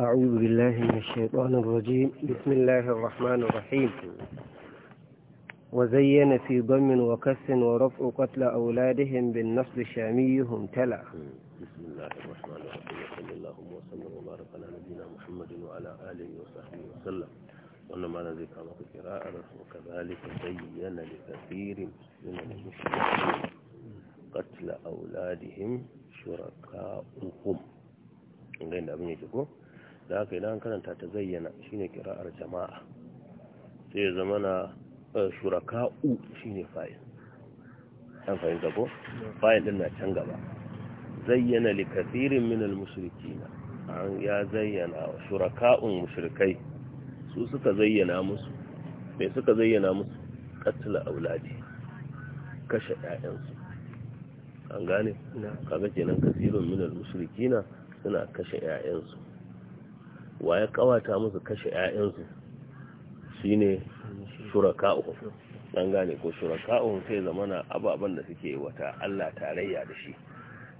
أعوذ بالله من الشيطان الرجيم بسم الله الرحمن الرحيم وزين في ضم وكس ورفع قتل أولادهم بالنصب شاميهم تلا بسم الله الرحمن الرحيم صلى الله وسلم وبارك على نبينا محمد وعلى آله وصحبه وسلم وإنما ذلك على قراءة وكذلك زين لكثير من المشركين قتل أولادهم شركاؤهم غير أبن da haka idan karanta ta zayyana shine kira'ar jama'a sai ya zama na eh, shuraka'u shine fa'il an fahimta ko fa'il din na can gaba zayyana li kathirin min al an ya zayyana shuraka'un mushrikai su suka zayyana musu me suka zayyana musu qatla auladi kashe ƴaƴansu an gane kaga kenan kathirin min al mushrikina suna kashe ƴaƴansu wa ya kawata musu kashe 'ya'yansu shine shuraka'u dan gane ko shuraka'u sai zamana ababen da suke wata Allah tarayya da shi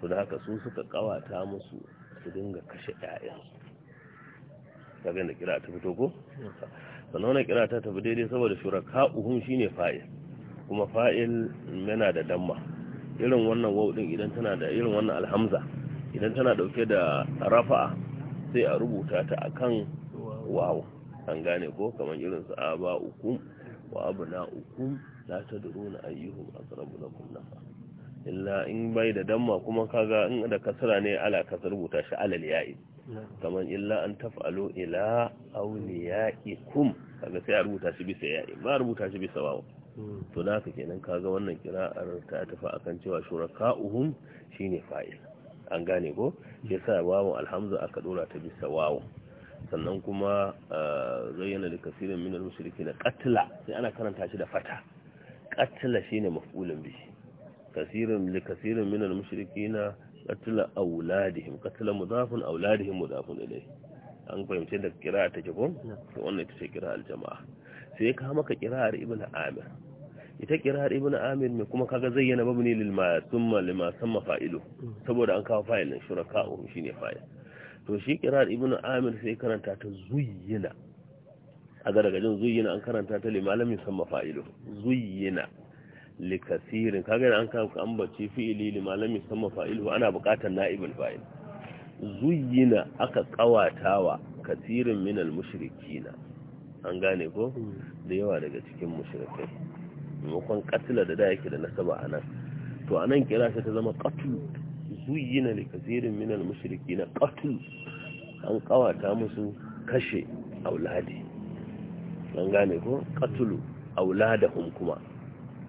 to da haka su suka kawata musu su dinga kashe 'ya'yansu kaga da kira ta fito ko sannan wannan kira ta tafi daidai saboda shi shine fa'il kuma fa'il yana da damma irin wannan waudin din idan tana da irin wannan alhamza idan tana dauke da rafa'a sai a rubuta ta akan wawo an gane ko kamar irin su aba ukum wa abna ukum la tadruna ayyuhum aqrabu lakum nafa illa in bai da damma kuma kaga in da kasara ne ala ka rubuta shi alal ya'i kamar illa an taf'alu ila awliyaikum kaga sai a rubuta shi bisa ya'i ba rubuta shi bisa wawo hmm. to da haka kenan kaga wannan kira'ar ta tafi akan cewa shuraka'uhum shine fa'il an gane ko shi sa wawon alhamza aka dora ta bisa wawon sannan kuma eh, zayyana da kasirin minar musulki na katila sai ana karanta shi da fata katila shi ne mafulin bishi kasirin da kasirin minar musulki na katila auladihim katila mudafin auladihim mudafin ilai an fahimci da kira ta jibon wannan ita ce kira aljama'a sai ka maka kira'ar ibn amir ita kirar ibn amir mai kuma kaga zayyana mabni lil ma thumma lima samma fa'ilu mm. saboda an kawo fa'il din um shine fa'il to shi kirar ibn amir sai karanta ta zuyyina a ga daga jin zuyyina an karanta ta lima lam yusamma fa'ilu zuyyina li kasirin kaga an kawo ambaci fi'ili lima lam yusamma fa'ilu ana buƙatar na'ibul fa'il zuyyina aka kawatawa kasirin minal mushrikina an gane ko mm. da yawa daga cikin mushrikai maimakon katila da da ke da nasaba a nan to a nan kira ta zama katul zuyina da kasirin minal mashiriki na katul an kawata musu kashe auladi an gane ko katulu auladahum kuma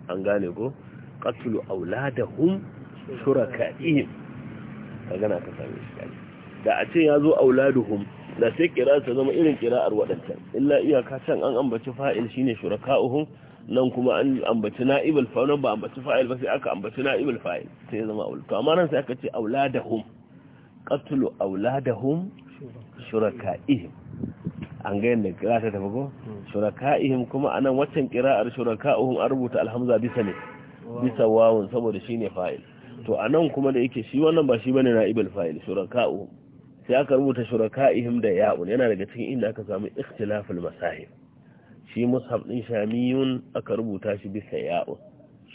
an gane ko katulu auladahum shuraka'ihim ka gana ka same shi kai da a ce ya zo auladuhum da sai kira ta zama irin kira'ar waɗancan illa iyaka can an ambaci fa'il shine shuraka'uhum nan kuma an ambaci na'ibul fa'il ba ambaci fa'il ba sai aka ambaci na'ibul fa'il sai zama aul to amma nan sai aka ce auladahum qatlu auladahum shuraka'ihim an ga yanda kira ta tafi ko shuraka'ihim kuma anan waccan kira'ar shuraka'uhum an rubuta alhamza bisa ne bisa wawun saboda shine fa'il to anan kuma da yake shi wannan ba shi bane na'ibul fa'il shuraka'uhum sai aka rubuta shuraka'ihim da ya'un yana daga cikin inda aka samu ikhtilaful masahib shi mushaf din shamiyun aka rubuta shi bisa ya'un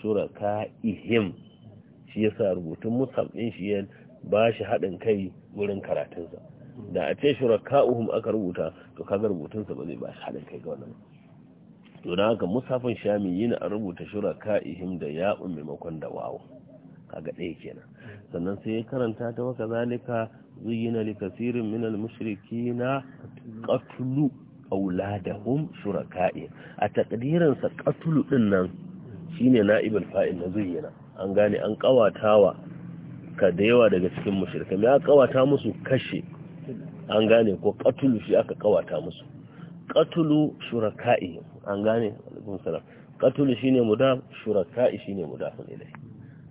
suraka ihim shi yasa rubutun mushaf shi ya ba shi haɗin kai wurin karatunsa da a ce shuraka uhum aka rubuta to kaga rubutunsa ba zai ba shi haɗin kai ga wannan to don haka mushafin shamiyun a rubuta shuraka ihim da ya'un maimakon da wawo kaga ɗaya kenan sannan sai ya karanta ta waka zalika zuyina likasirin minal mushrikina qatlu auladahum shuraka'i a takdirin sa qatlu din nan shine na'ibul fa'il na zuyyana an gane an kawatawa ka da yawa daga cikin mushrika me aka kawata musu kashe an gane ko qatlu shi aka kawata musu qatlu shuraka'i an gane alaikum salam qatlu shine mudaf shuraka'i shine mudafun ilayhi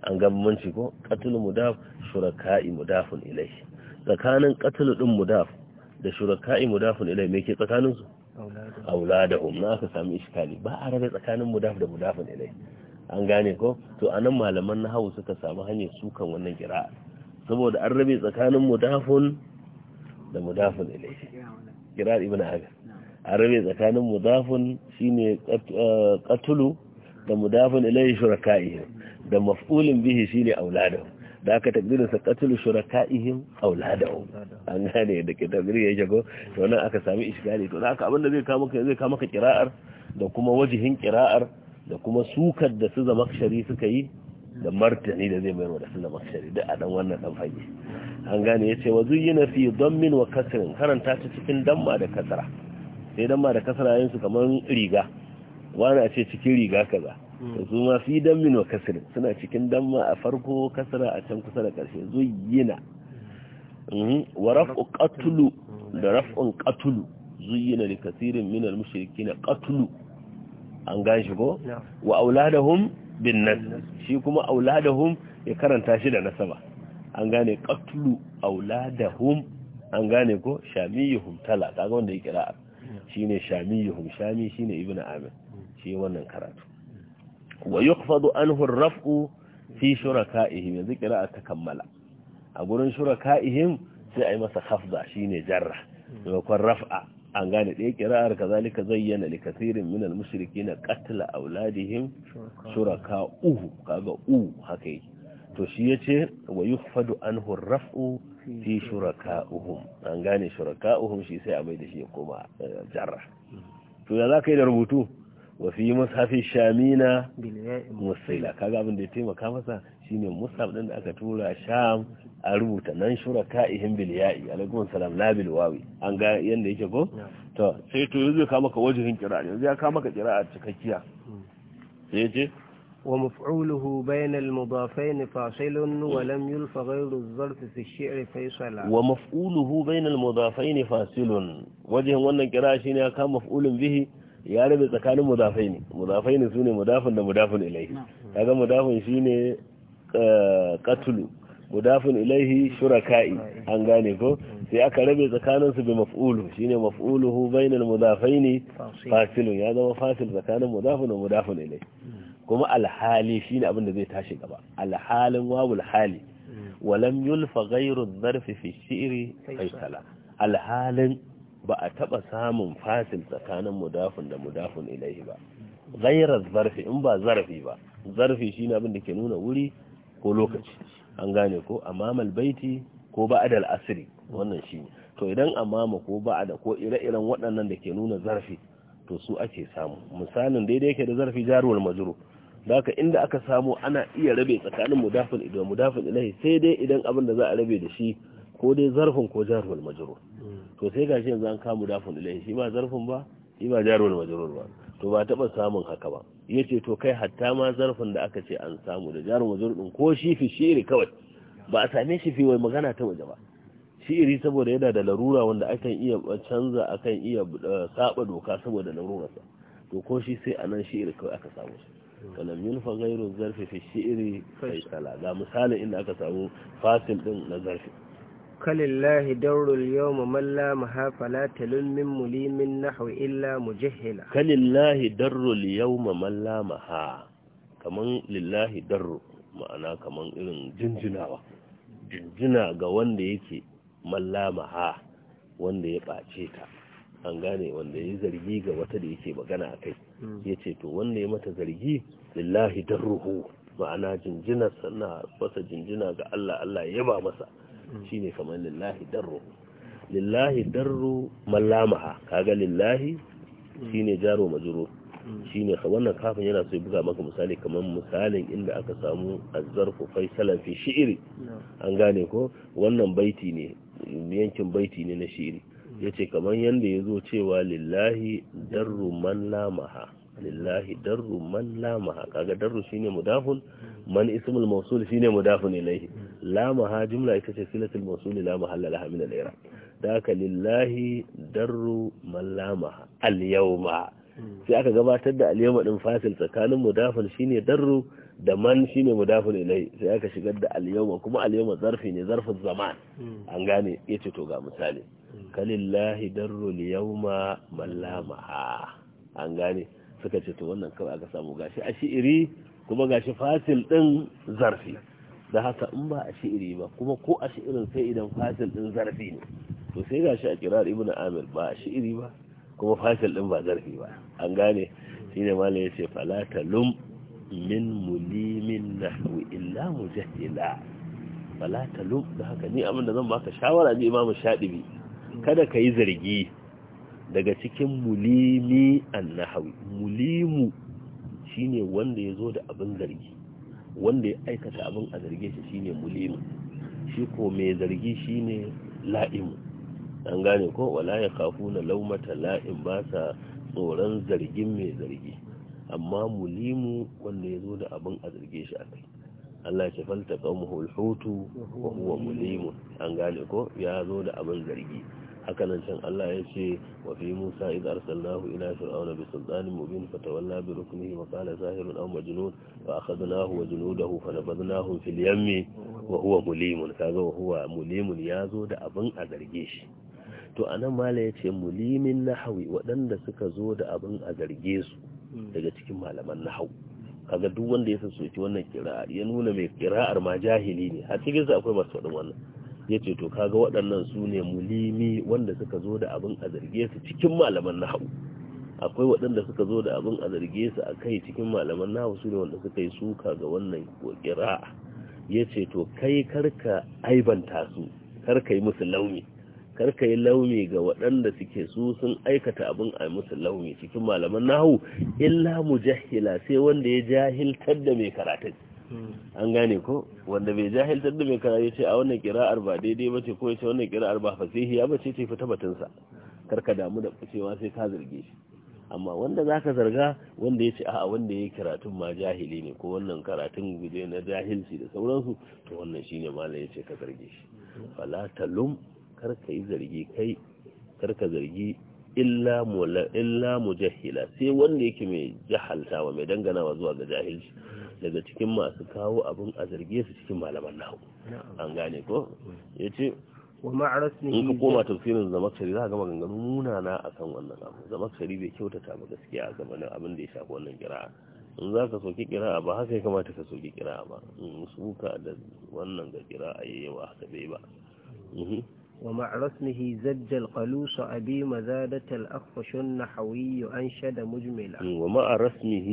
an ga manci ko qatlu mudaf shuraka'i mudafun ilayhi tsakanin qatlu din mudaf da shuraka'i mudafin ilai me ke tsakanin su auladahum na aka sami iskali ba a rabe tsakanin mudaf da mudafin ilai an gane ko to anan malaman nahawu suka samu hanyar sukan wannan kira'a saboda an rabe tsakanin mudafun da mudafin ilai kira'a ibn aga an rabe tsakanin mudafun shine eh, qatlu da mudafin ilai shuraka'i da maf'ulin bihi shine auladahum da aka takdirin sa qatlu shuraka'ihim auladahum an gane da ke takdiri ya shigo to nan aka sami ishgali to haka abinda zai kawo maka zai kawo maka kira'ar da kuma wajihin kira'ar da kuma sukar da su shari suka yi da martani da zai mayarwa da su shari da a dan wannan dan fage an gane yace wa zuyyina fi dammin wa kasrin karanta ta cikin damma da kasara sai damma da kasara yin su kamar riga wani a ce cikin riga kaza su ma fi dammin wa kasir suna cikin damma a farko kasara a can kusa da karshe zuyina mhm. wa raf'u qatlu da raf'un qatlu zuyina li kasirin min al mushrikin qatlu an gashi ko wa auladahum bin nas shi kuma auladahum ya karanta shi da nasaba an gane qatlu auladahum an gane ko shamiyuhum tala kaga wanda ya kira shine shamiyuhum shami shine ibnu amir mm. shi wannan karatu wa yukhfadu anhu ar-raf'u fi shuraka'ihim yanzu kira'a ta kammala a gurin shuraka'ihim sai ai masa khafda shine jarra maimakon raf'a an gane ɗaya kira'ar kazalika zayyana li kathirin min al-mushrikeen qatla awladihim shuraka'uhu kaga u haka yake to shi yace wa yukhfadu anhu ar-raf'u fi shuraka'uhum an gane shuraka'uhum shi sai a bai da shi ya koma eh, jarra to ya zaka yi da rubutu wafi mushafi shamina musaila kaga abin da ya taimaka masa shine mushaf din da aka tura sham a rubuta nan shuraka ihim bil ya'i alaikum salam la bil wawi an ga yanda yake ko to sai to yanzu ka maka wajihin qira'a yanzu ya ka maka hmm. hmm. qira'a cikakkiya sai yace ومفعوله بين المضافين فاصل ولم يلف غير الظرف في الشعر فيصلا ومفعوله بين المضافين فاصل وجه wannan kira shine ka maf'ulun bihi ya rabe tsakanin mudafai ne mudafai ne su ne mudafin da mudafin ilaihi kaga mudafin shi ne katulu eh, mudafin ilaihi shuraka'i an gane ko mm. sai aka rabe tsakanin su bi maf'ulu shine maf'uluhu bainal mudafaini fasilun ya zama fasil tsakanin mudafin da mudafin ilaihi mm. kuma alhali shine abin da zai tashi gaba alhalin wawul hali mm. walam yulfa gairun dharfi fi shi'ri faisala alhalin ba a taɓa samun fasil tsakanin mudafin da mudafin ilaihi ba ghairar zarfi in ba zarfi ba zarfi ne abin da ke nuna wuri ko lokaci an gane ko amamal baiti ko ba'adal asiri wannan ne to idan amama ko ba'ada ko ire-iren waɗannan da ke nuna zarfi to su ake samu misalin daidai yake da zarfi jaruwar majuru da haka inda aka samu ana iya rabe tsakanin mudafin mudafin ilahi sai dai idan abin da za a rabe da shi ko dai zarfin ko jarhul majrur hmm. to sai gashi yanzu an kamu dafin ilahi shi ba zarfin ba shi ba jarhul majrur ba to ba taba samun haka ba yace to kai hatta ma zarfin da aka ce an samu da jarhul majrur din ko shi fi shiri kawai ba a same shi fi wai magana ta waje ba shi'ri saboda yana da larura wanda akan iya canza akan iya eh, saba doka saboda sa to ko shi sai anan shi'ri kawai aka samu shi kalam hmm. fa gairu zarfi fi shiri sai sala ga misalin inda aka samu fasil din na zarfi فلله دور اليوم من لا مها فلا تلل من مليم نحو إلا مجهلا فلله دور اليوم من لا محا كمان لله دور معنا كمان irin جنجنا جنجنا غوان ديكي من لا محا وان دي ta an gane wanda ya zargi ga wata da yake magana a kai ya ce to wanda ya mata zargi lillahi darruhu ma'ana jinjina sannan masa jinjina ga Allah Allah ya ba masa shine kamar lillahi darru lillahi darru mallamaha kaga lillahi shine jaro majrur shine wannan kafin yana so buga maka misali kamar misalin inda aka samu azzarfu faisalan fi shi'ri an gane ko wannan baiti ne yankin baiti ne na shi'ri yace kamar yanda yazo cewa lillahi darru man lamaha lillahi darru man lamaha kaga darru shine mudafun man ismul mawsul shine mudafun ilayhi la maha jumla ita ce silatul mawsuli la mahalla laha min al-i'rab da haka lillahi darru man la maha al sai aka gabatar da al-yawma din fasil tsakanin mudafin shine darru da man shine mudafin ilai sai aka shigar da al-yawma kuma al-yawma zarfi ne zarfin zaman an gane yace to ga misali kalillahi darru al-yawma man la maha an gane suka ce to wannan kawai aka samu gashi a shi'iri kuma gashi fasil din zarfi da haka in ba a shi'iri ba kuma ko a shi'irin sai idan fasil ɗin zarfi ne to sai gashi a kirar ibnu amir ba a shi'iri ba kuma fasil ɗin ba zarafi ba an gane shine ya yace falata lum min mulimin nahwi illa mujahila falata lum da haka ni abin da zan baka shawara ne imamu shadibi kada ka yi zargi daga cikin mulimi an mulimu shine wanda ya zo da abin zargi wanda ya aikata abin a zarge shi shine mulimu shi ko mai zargi shine la'imu an gane ko wala ya kafu na laumata la'im ba sa tsoron zargin mai zargi amma mulimu wanda ya zo da abin a zarge shi a kai Allah ya falta kawo mahulhutu wa mulimu an gane ko ya zo da abin zargi haka nan can Allah ya ce wa fi Musa idh arsalnahu ila fir'auna bi sultanin mubin fatawalla bi ruknihi wa qala zahirun aw majnun wa akhadnahu wa junudahu fanabadnahum fil yammi wa huwa mulimun kaga wa huwa mulimun zo da abin a zarge shi to anan mala ya ce mulimin nahawi waɗanda suka zo da abin a zarge su daga cikin malaman nahawu kaga duk wanda ya sassoki wannan kira'ar ya nuna mai kira'ar ma jahili ne a cikin akwai masu faɗin wannan ya ce to kaga waɗannan su ne mulimi wanda suka zo da abin a zarge su cikin malaman nahu akwai waɗanda suka zo da abin a zarge su a kai cikin malaman nahu su ne wanda suka yi suka ga wannan ƙoƙira ya ce to kai karka aibanta su karka yi musu launi karka yi launi ga waɗanda suke su sun aikata abin a musu launi cikin malaman nahu illa mujahila sai wanda ya jahiltar da mai karatun an gane ko wanda bai jahiltar da mai karatu ce a wannan kira'ar ba daidai ba ce ko ya ce wannan kira'ar ba fasihiya ba ce ce fita batunsa karka damu da cewa sai ka zarge shi amma wanda za ka zarga wanda ya ce a wanda ya karatun ma jahili ne ko wannan karatun guje na jahilci da sauransu to wannan shine ne malam ya ce ka zarge shi fala talum karka yi zargi kai karka zargi illa mujahila sai wanda yake mai jahaltawa mai danganawa zuwa ga jahilci daga cikin masu kawo abin a zarge su cikin malaman nahu an gane ko mm. ya ce in ka koma tafsirin zamakshari za a gama ganganu munana a kan wannan abu zamakshari bai kyautata ba gaskiya a zamanin abin da ya shafi wannan kira'a in za ka soki kira'a ba haka ya kamata ka soki kira'a ba in suka da wannan ga kira'a yayi yawa haka bai ba mm. mhm. ومع رسمه زج القلوس أبي مزادة الأخفش النحوي أنشد مجملا ومع رسمه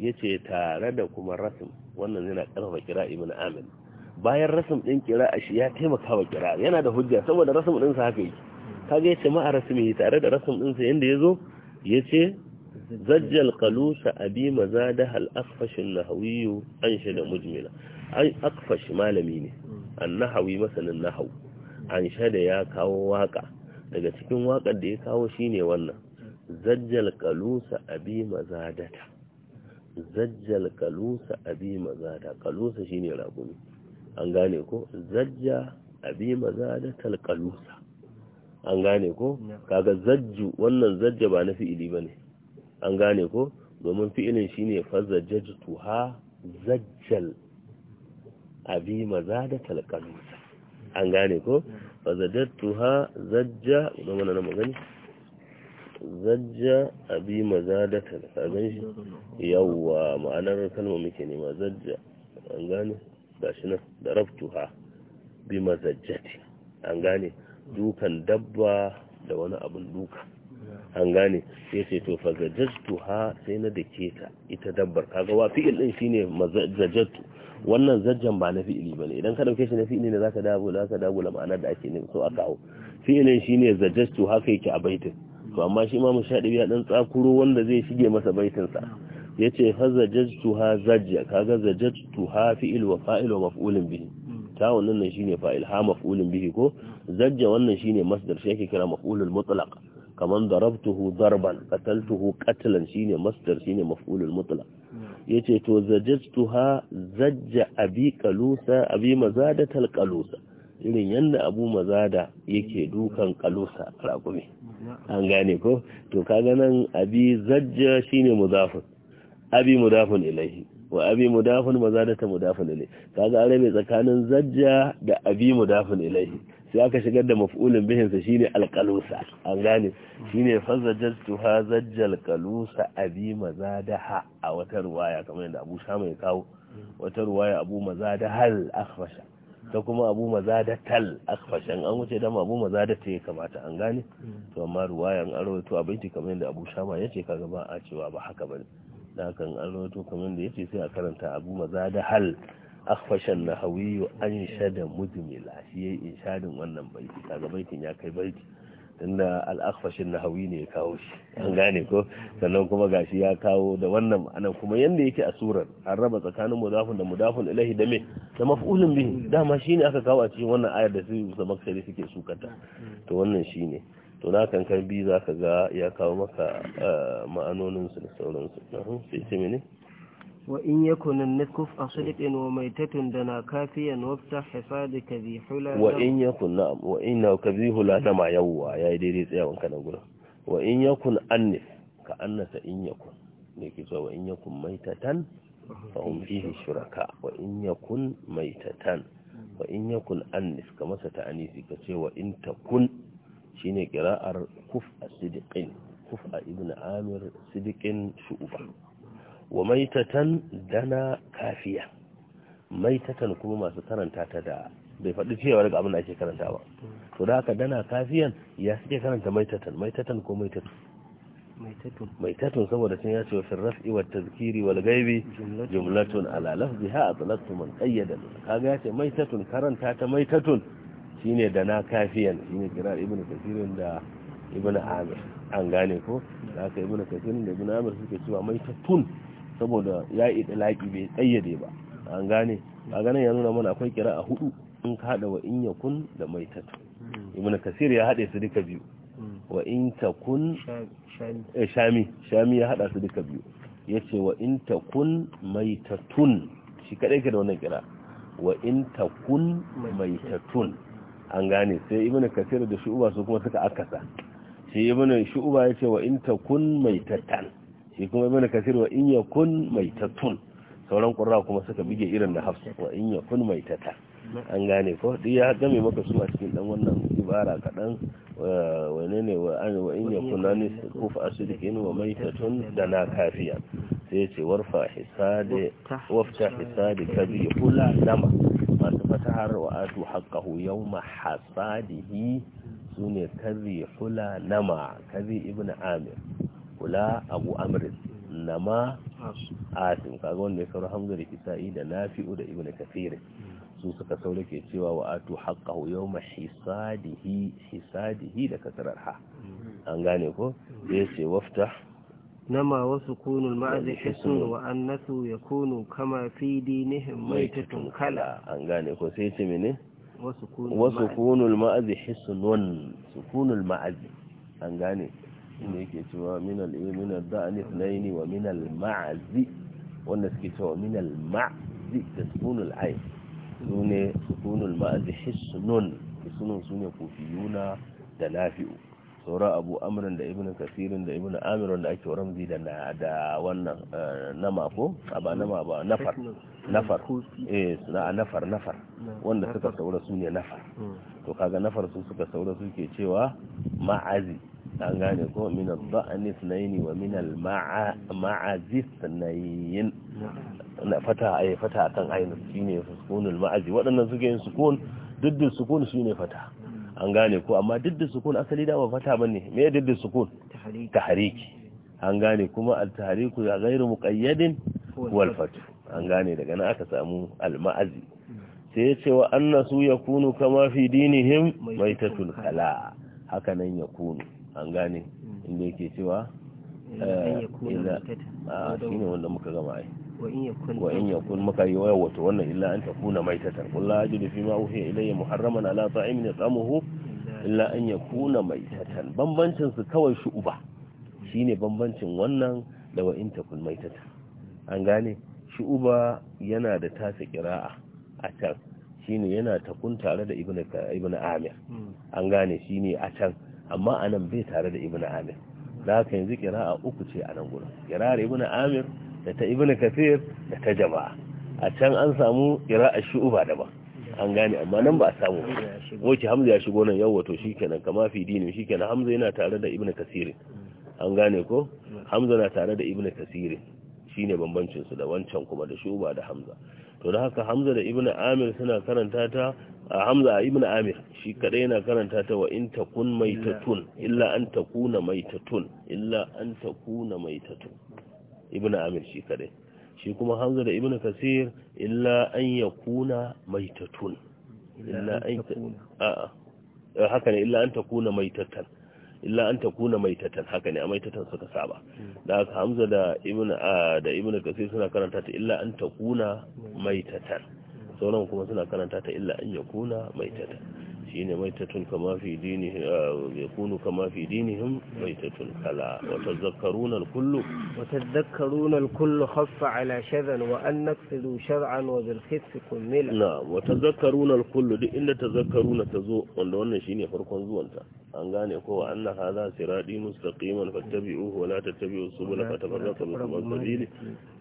يتي تاردكم الرسم وانا ننا قرف كراء من آمن bayan rasim din kira'ashi ya taimaka wa yana da hujja saboda rasim din sa haka yi kaga yace ma rasmi tare da rasim din sa yanda yazo yace zajjal qalusa abi mazada hal asfash an nahawi an shada mujmila ai akfash malami ne an nahawi masanin nahawi an shada ya kawo waka daga cikin wakar da ya kawo shine wannan zajjal kalusa abi mazadata zajjal kalusa abi mazadata kalusa shine raguni an gane ko zajja abi mazadatal kalusa an gane ko kaga zajju wannan zajja ba na fi'ili bane an gane ko domin fi'ilin shine ha zajjal abi mazadatal kalusa an gane ko fa zadattuha zajja da wannan magani zajja abi mazadata da sabon shi yawwa ma'anar kalma muke nema zajja an gane shi na da rabtuha bi mazajjati an gane dukan dabba da wani abin duka an gane sai ce to fa zajajtu ha sai na dake ta ita dabbar kaga wa fi'il din shine zajajtu wannan zajjan ba na fi'ili bane idan ka dauke shi na fi'ili ne zaka dawo zaka dawo la ma'anar da ake nemi so a kawo fi'ilin shine zajajtu haka yake a baitin to amma shi ma mushadi ya dan tsakuro wanda zai shige masa baitin sa yace fa zajajtu ha zajja kaga zajajtu ha fi'il wa fa'il wa maf'ulun bihi ta wannan shine fa'il ha maf'ulun bihi ko zajja wannan shine masdar shi yake kira maf'ulul mutlaq kaman darabtuhu darban qataltuhu qatlan shine masdar shine maf'ulul mutlaq hmm. yace to zajjatuha zajja abi qalusa abi mazadatal qalusa irin yanda abu mazada yake dukan qalusa raƙumi hmm. an gane ko to kaga nan abi zajja shine mudafun abi mudafun ilaihi wa abi mudafun mazadata mudafun ilaihi kaga arabe tsakanin zajja da abi mudafun ilaihi sai aka shigar da maf'ulin bihin sa shine alqalusa an gane shine fazajjatu ha zajjal qalusa abi mazadaha a wata ruwaya kamar yadda Abu Shama ya kawo wata ruwaya Abu mazadahal akhfasha ta kuma Abu mazadatal akhfasha an wuce da Abu mazadata ya kamata an gane to amma ruwayan an rawaito abinci kamar yadda Abu Shama yace kaga ba a cewa ba haka bane dan kan an rawaito kamar yadda yace sai a karanta Abu mazadahal akhfashan nahawiyu an shada mujmila shi yayi inshadin wannan baiti kaga baitin ya kai baiti tunda al-akhfashin nahawi ne ya kawo shi an gane ko sannan kuma gashi ya kawo da wannan ana kuma yanda yake a surar an raba tsakanin mudafun da mudafun ilahi da me da maf'ulun bihi dama shine aka kawo a cikin wannan ayar da su zamaksari suke sukata to wannan shine to na kan kan bi zaka ga ya kawo maka eh, ma'anonin su da sauransu sai ce mene وإن يكن النسك فصدق وميتة دنا كافيا وافتح حفادك ذي حلا وإن يكن نعم وإن كذي حلا نما يوا يا ديري يا وان كان غورا وإن يكن أنف كأنس إن يكن نيكي سو وإن يكن ميتة فهم فيه شركاء وإن يكن ميتة وإن يكن أنف كما ستعنيسي كسي وإن تكن شيني قراءة كفء صدق كفء ابن عامر صدق شؤبا wa maitatan dana kafiya maitatan kuma masu karanta ta da bai faɗi cewa daga abin da ake karanta ba to da haka dana kafiyan ya suke karanta maitatan maitatan ko maitatu maitatun saboda sun ya ce wa raf'i wa tazkiri wal gaibi jumlatun ala lafziha atlatu man qayyada kaga ya ce maitatun karanta ta maitatun shine dana kafiyan shine kira ibnu kasirin da ibnu amir an gane ko da haka ibnu kasirin da ibnu amir suke cewa maitatun saboda ya yi ɗalaƙi bai tsayyade ba an gane a ganin ya nuna mana akwai kira a hudu in ka haɗa wa in yakun da mai tatu ibn kasir ya haɗe su duka biyu wa in takun eh, shami shami ya haɗa su duka biyu ya ce wa in takun mai tatun shi kaɗai ke da wannan kira wa in takun mai tatun an gane sai ibn kasir da shu'uba su kuma suka akasa shi ibn shu'uba ya ce wa in takun mai tatan shi kuma ibn kasir wa in yakun maitatun sauran qurra kuma suka bige irin da hafsa wa in yakun maitata an gane ko duk ya game maka su a cikin dan wannan ibara kadan wane ne wa an wa in yakun nani kufa asidikin wa maitatun da na kafiya sai ce warfa hisade wafta hisade kabi kula dama masu fatahar wa atu haqqahu yawma hasadihi sune kazi hula nama kazi ibnu amir kula abu amrin nama asim kaga wanda ya saura hamza da kisa'i da nafi'u da ibnu kathir su suka saura ke cewa wa atu haqqahu yau ma hisadihi da kasarar ha an gane ko sai ce waftah نما وسكون المعز حسن وأنث يكون كما في دينهم ميتة كلا أنغاني كوسيتي مني وسكون, وسكون المعز حسن سكون المعز أنغاني inda yake cewa min al-min eh, al-da'ni ithnaini wa min al-ma'zi wanda suke cewa min al-ma'zi tasbun al-ayn sune sukunul ma'zi hisnun hisnun sune kufiyuna da lafi'u sauran abu amrin da ibn kasirin da ibn amir da ake ramzi da na da wannan eh, na mako ko ah, ba nama ba nafar nafar eh na nafar nafar wanda suka saura su ne nafar hmm. to kaga nafar su suka saura suke cewa ma'azi an gane ko min al na sunaini wa min al-ma'azi sunayin na fata ay eh, fata akan ainu shine sukunul ma'azi waɗannan suke yin sukun diddin sukun ne fata an gane ko amma diddin sukun asali da ba fata ne me ya diddin sukun tahriki an gane kuma al-tahriku ya ghairu muqayyadin wal fatu an gane daga nan aka samu al-ma'azi sai ya ce wa annasu yakunu kama fi dinihim maitatul kala haka nan yakunu an gane mm. inda yake cewa eh, a shine wanda muka gama ai wa in kun muka yi waya wato wannan illa an takuna maitatan qul la ajidu fi ma uhiya ilayya muharraman ala ta'imin yat'amuhu illa an yakuna maitatan bambancin su kawai shi uba shine bambancin wannan da wa in takun maitatan an gane shi uba yana da tasa kira'a a can shine yana takun tare da ibnu amir mm. an gane shine a can amma anan bai tare da Ibn amir da haka yanzu a uku ce a nan kira da Ibn amir da ta Ibn kafir da ta jama'a a can an samu kira a shu'uba daban an gane amma nan ba a samu wace hamza ya shigo nan yawwato to kenan kama fi dini kenan hamza yana tare da Ibn kasiri an gane ko hamza na tare da Ibn kasiri shine bambancin su da wancan kuma da Shu'uba da hamza to da haka hamza da Ibn amir suna karanta ta a hamza ibn amir shi kadai yana karanta ta wa in takun maitatun illa an takuna maitatun illa an takuna maitatun ibn amir shi kadai shi kuma hamza da ibn kasir illa an yakuna maitatun illa an a eh, haka ne illa an takuna maitatan illa an takuna maitatan haka ne a maitatan suka saba hmm. da haka hamza da ibn ah, da ibn kasir suna karanta ta illa an takuna hmm. maitatan sauran kuma suna karanta ta illa an yakuna maitata shine maitatun kama fi dinihim yakunu kama fi dinihim maitatun kala wa tadhakkaruna al-kullu wa tadhakkaruna al-kullu khaffa ala shadhan wa an naqsidu shar'an wa bil khitf kumila na wa tadhakkaruna al-kullu duk inda tadhakkaruna tazo wanda wannan shine farkon zuwanta an gane ko na hada siradi mustaqiman fattabi'uhu wa la tattabi'us subula fatafarraqu bikum an sabili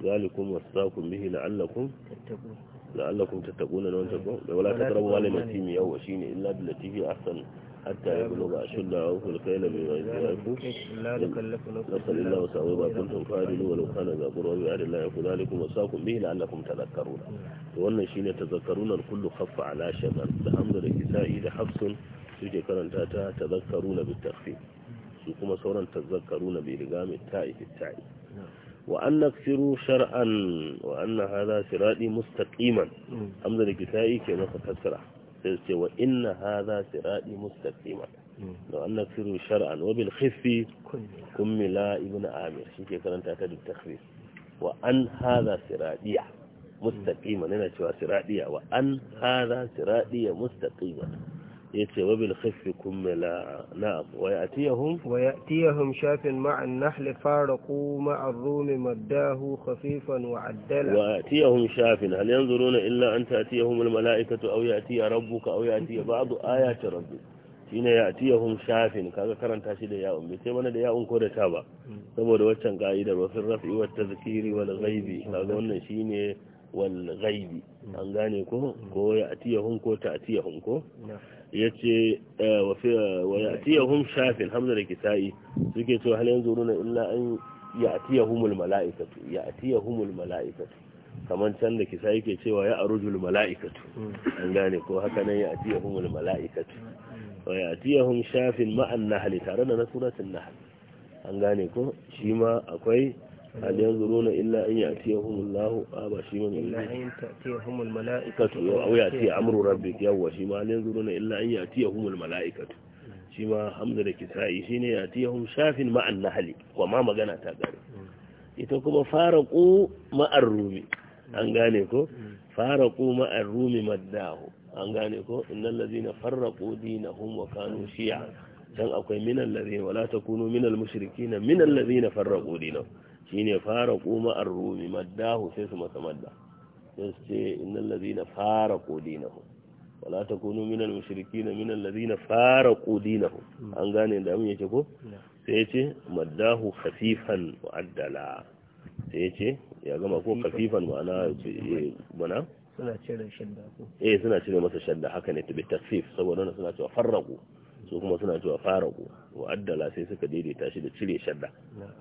dhalikum wasaqu bihi la'allakum tattaqun la'allakum tattaquna lawan taqwa da wala taqrabu wala yatimi yawa shine illa bil latifi ahsan hatta yablugha ashuddahu wal kayla bima yaqu la yukallifu illa wus'ahu wa kuntum qadiru wa law kana za qurra bi la yaqul alikum wasaqum bihi la'allakum tadhakkaruna to wannan shine tadhakkaruna kullu khaffa ala shaman da hamza da kisa'i da hafsun je karanta ta tadhakkaruna bit takhfif su kuma sauran tadhakkaruna bi rigami ta'i ta'i وأن نكسروا شرعا وأن هذا سرادي مستقيما حمد الكتائي كما تفسر وإن هذا سرادي مستقيما لو أن نكسروا شرعا وبالخف كم لا ابن عامر شيء أنت تعتد التخفيف وأن هذا سرادي مستقيما شوى سرادي وأن هذا سرادي مستقيما yace wa bil khaffi kummala na'am wa yatihum wa yatihum shafin ma'an nahl faraqu ma'a ar-rum maddahu khafifan wa addala wa yatihum shafin hal yanzuruna illa an ta'tiyahum al mala'ikatu aw ya'tiya rabbuka aw ya'tiya ba'd ayati rabbik shine ya'tiyahum shafin kaga karanta shi da ya'un bai sai mana da ya'un ko da ta ba saboda waccan ka'idar wa fil raf'i wa tadhkiri wal ghaibi kaga wannan shine wal ghaibi an gane ko ko ya'tiyahum ko ta'tiyahum ko ya ce eh, wa ya tiya hun shafin hamza da kisa'i suke cewa hal yanzu na illa an ya tiya humul mala'ikatu ya tiya humul mala'ikatu kamar can da kisa yake cewa ya arujul mala'ikatu an gane ko haka nan ya tiya humul mala'ikatu wa ya tiya hum shafin ma'an nahli tare da na suratul nahl an gane ko shi ma akwai hal yanzuruna illa an ya'tiyahum Allah a ba shi bane illa an ta'tiyahum al mala'ikatu aw ya'ti amru rabbik yawa shi ma hal yanzuruna illa an ya'tiyahum mala'ikatu shi ma hamza da kisa'i shine ya'tiyahum shafin ma'an nahli wa ma magana ta gare ita kuma faraqu ma'ar rumi an gane ko faraqu ma'ar rumi maddahu an gane ko innal ladina farraqu dinahum akwai minal ladina wala takunu minal mushrikina minal shine fara kuma ar-rumi maddahu sai su masa madda sai su ce innal ladina fara qudinahu wala takunu minal mushrikin minal lazina fara qudinahu an gane da mun yake ko sai ce maddahu khafifan wa addala sai ce ya gama ko khafifan ma'ana eh, bana suna cire shadda ko eh suna cire masa shadda haka ne tabi tasfif saboda suna cewa farraqu su kuma suna cewa fara ku la sai suka daidaita shi da cire shadda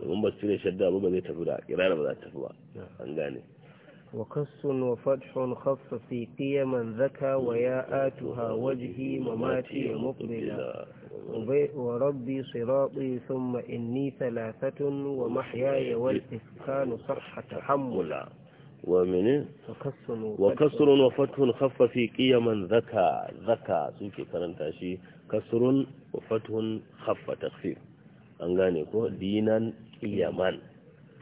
domin ba su cire shadda ba ba zai tafi da kirara ba za ta tafi ba an gane وكس وفتح خص في قيما ذكى وياءاتها وجهي مماتي مقبلا وربي صراطي ثم إني ثلاثة ومحياي والإسكان صح تحملا ومن وكسر وفتح خف في قيما ذكى ذكى سوكي كرنتا شي كسر وفتح خف تخفيف an gane ko dinan qiyaman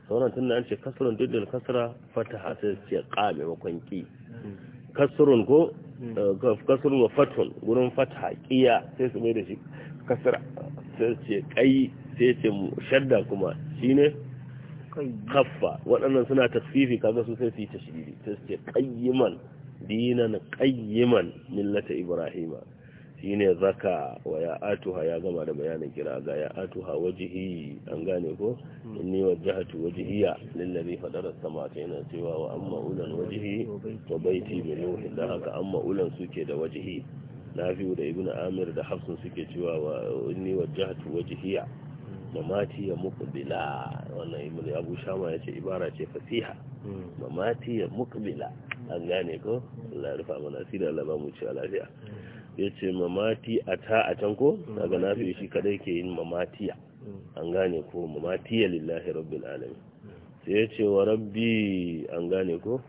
sauran tun da an ce kasurun duk da kasra fataha sai ce qa maimakon qi ko kasurun wa fatun gurin fataha qiya sai su mai da shi ce sai ce shadda kuma shine khaffa waɗannan suna tasfifi kaga su sai su yi tashiri sai su ce qayyiman dinan qayyiman millata ibrahima shine zaka wa ya atuha ya gama da bayanin kira ga ya atuha wajhi an gane ko hmm. inni wajjahtu wajhiya lillazi fadara samawati yana cewa wa amma ulan wajhi wa baiti bi ruhi da haka amma ulan suke da wajhi nafi'u da ibnu amir da hafsun suke cewa wa inni wajjahtu wajhiya mamati ya mukbila wannan ibnu abu shama yace ibara ce fasiha mamati ya mukbila an gane ko Allah ya rufa mana asiri Allah ba mu ci lafiya yace mamati a ta a can ko daga nafi shi kadai ke yin mamatiya an gane ko mamatiya lillahi rabbil alamin sai yace wa rabbi an gane ko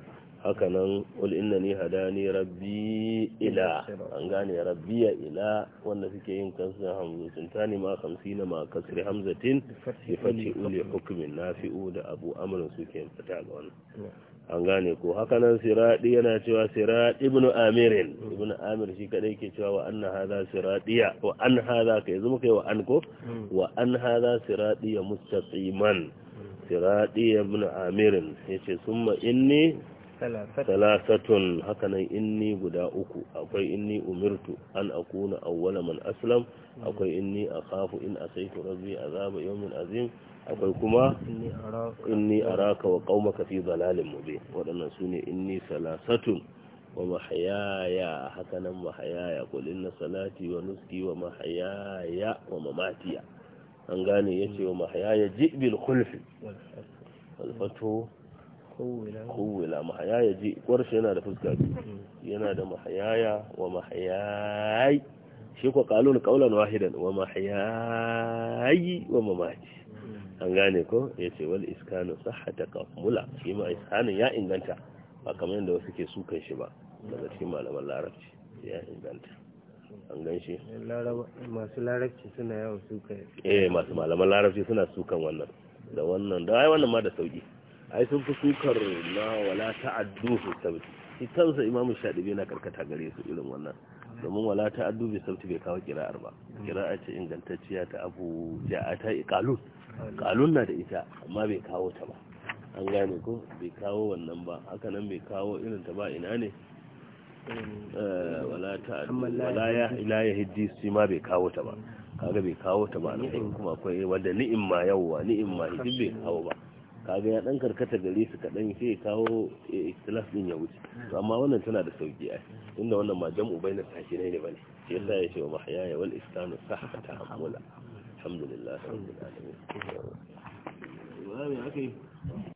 hakanan nan wal hadani rabbi ila an gane rabbi ya ila wanda suke yin kansu hamzu tani ma na ma kasri hamzatin bi fati uli hukmin nafi'u da abu amrin suke fata ga wannan an gane ko hakanan siradi yana cewa siradi ibn amirin ibn amir shi kadai ke cewa wa anna hadha siradiya wa an hadha kai zuma kai wa an ko hmm. wa an hadha siradiya mustaqiman hmm. siradiya ibn amirin yace summa inni salasatun hakanan inni guda uku akwai inni umirtu an akuna awwala man aslam hmm. akwai inni akhafu in asaitu rabbi azaba yawmin azim akwai kuma inni araka wa qaumaka fi dalalin mubin wadannan sune inni salasatun wa mahayaya hakanan mahayaya qul inna salati wa nuski wa mahayaya wa mamatiya an gane yace wa mahayaya jibil khulfi wal fatu kowila mahayaya ji kwarshe yana da fuska biyu yana da mahayaya wa mahayai shi kwa kalun kaulan wahidan wa mahayayi wa mamaci an gane ko ya ce wani iskanu sahata kafmula shi ma iskanin ya inganta ba kamar yadda wasu ke sukan shi ba daga cikin malaman larabci ya inganta an gan shi masu larabci suna yawan sukan eh masu malaman larabci suna sukan wannan da wannan da ai wannan ma da sauki ai sun fi sukar na wala ta'addu fi sabti shi kansa imamu shaɗibi na karkata gare su irin wannan domin wala ta'addu bi sabti bai kawo kira'ar ba Kira'ar ce ingantacciya ta abu ja'ata qalun kalun na da ita amma bai kawo ta ba an gane ko bai kawo wannan ba haka nan bai kawo irin ta ba ina ne eh, wala wala ya ila yahdi shi ma bai kawo ta ba kaga bai kawo ta ba kuma akwai wanda ni'imma yawwa ma hidin bai kawo ba kaga ya dan karkata gare su kadan ke ya kawo ikhtilaf din ya wuce to amma wannan tana da sauki ai inda wannan ma jam'u bainas tashi ne bane shi yasa ya ce wa mahyaya wal islanu sahha ta'ammula alhamdulillah rabbil alamin